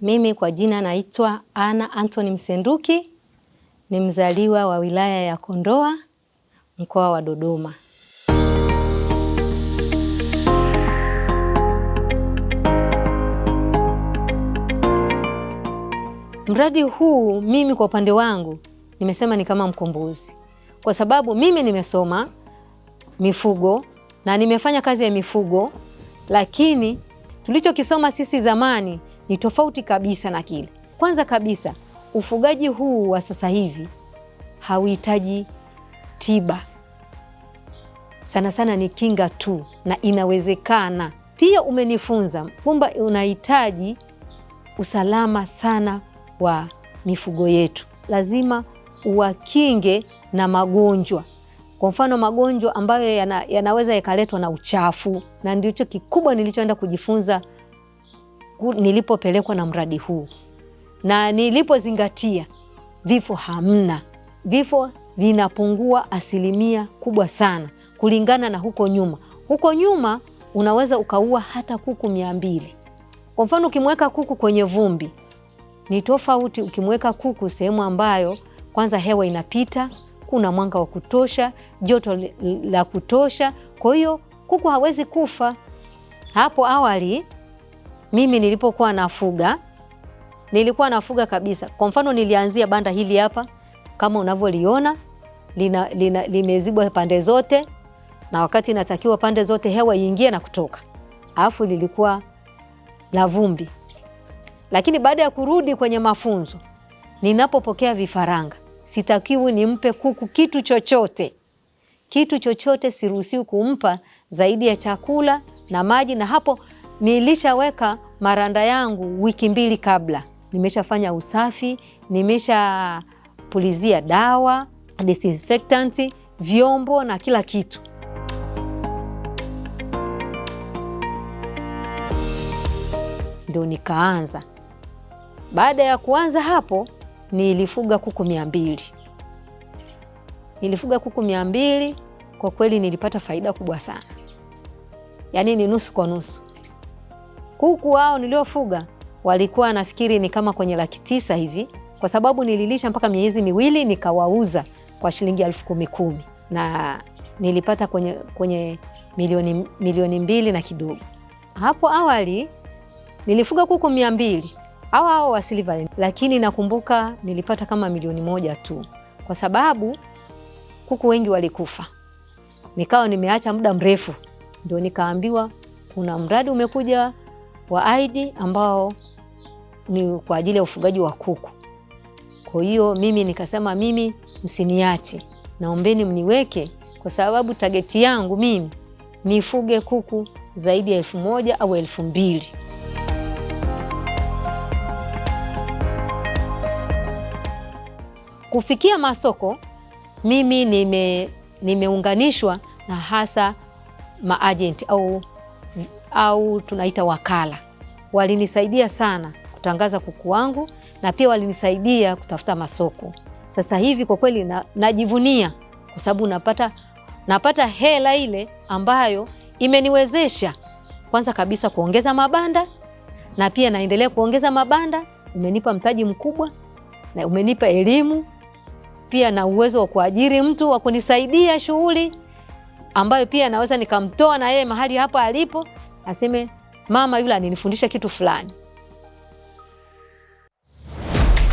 Mimi kwa jina naitwa Ana Anthony Msenduki, ni mzaliwa wa wilaya ya Kondoa, mkoa wa Dodoma. Mradi huu mimi kwa upande wangu nimesema ni kama mkombozi, kwa sababu mimi nimesoma mifugo na nimefanya kazi ya mifugo, lakini tulichokisoma sisi zamani ni tofauti kabisa na kile. Kwanza kabisa, ufugaji huu wa sasa hivi hauhitaji tiba, sana sana ni kinga tu, na inawezekana pia. Umenifunza kwamba unahitaji usalama sana wa mifugo yetu, lazima uwakinge na magonjwa kwa mfano magonjwa ambayo yana, yanaweza yakaletwa na uchafu, na ndicho kikubwa nilichoenda kujifunza nilipopelekwa na mradi huu na nilipozingatia, vifo hamna, vifo vinapungua asilimia kubwa sana kulingana na huko nyuma. Huko nyuma unaweza ukaua hata kuku mia mbili kwa mfano. Ukimweka kuku kwenye vumbi ni tofauti, ukimweka kuku sehemu ambayo kwanza hewa inapita, kuna mwanga wa kutosha, joto la kutosha, kwa hiyo kuku hawezi kufa. Hapo awali mimi nilipokuwa nafuga nilikuwa nafuga kabisa. Kwa mfano, nilianzia banda hili hapa kama unavyoliona lina, lina, limezibwa pande zote, na wakati inatakiwa pande zote hewa iingie na kutoka, alafu lilikuwa la vumbi. Lakini baada ya kurudi kwenye mafunzo, ninapopokea vifaranga, sitakiwi nimpe kuku kitu chochote. Kitu chochote siruhusiwi kumpa zaidi ya chakula na maji, na hapo nilishaweka maranda yangu wiki mbili kabla, nimeshafanya usafi, nimeshapulizia dawa disinfectant, vyombo na kila kitu. Ndio nikaanza. Baada ya kuanza hapo, nilifuga kuku mia mbili nilifuga kuku mia mbili. Kwa kweli nilipata faida kubwa sana, yaani ni nusu kwa nusu. Kuku wao niliofuga walikuwa nafikiri ni kama kwenye laki tisa hivi, kwa sababu nililisha mpaka miezi miwili nikawauza kwa shilingi elfu kumi kumi na nilipata kwenye, kwenye milioni, milioni mbili na kidogo. Hapo awali nilifuga kuku mia mbili awa awa wa Silver, lakini nakumbuka nilipata kama milioni moja tu, kwa sababu kuku wengi walikufa. Nikawa nimeacha muda mrefu, ndio nikaambiwa kuna mradi umekuja wa Aidi ambao ni kwa ajili ya ufugaji wa kuku. Kwa hiyo mimi nikasema, mimi msiniache, naombeni mniweke, kwa sababu tageti yangu mimi nifuge kuku zaidi ya elfu moja au elfu mbili. Kufikia masoko, mimi nime nimeunganishwa na hasa maajenti au au tunaita wakala, walinisaidia sana kutangaza kuku wangu na pia walinisaidia kutafuta masoko. Sasa hivi kwa kweli na, najivunia kwa sababu napata, napata hela ile ambayo imeniwezesha kwanza kabisa kuongeza mabanda na pia naendelea kuongeza mabanda. Umenipa mtaji mkubwa na umenipa elimu pia na uwezo wa kuajiri mtu wa kunisaidia shughuli ambayo pia naweza nikamtoa na yeye mahali hapa alipo aseme mama yule aninifundisha kitu fulani.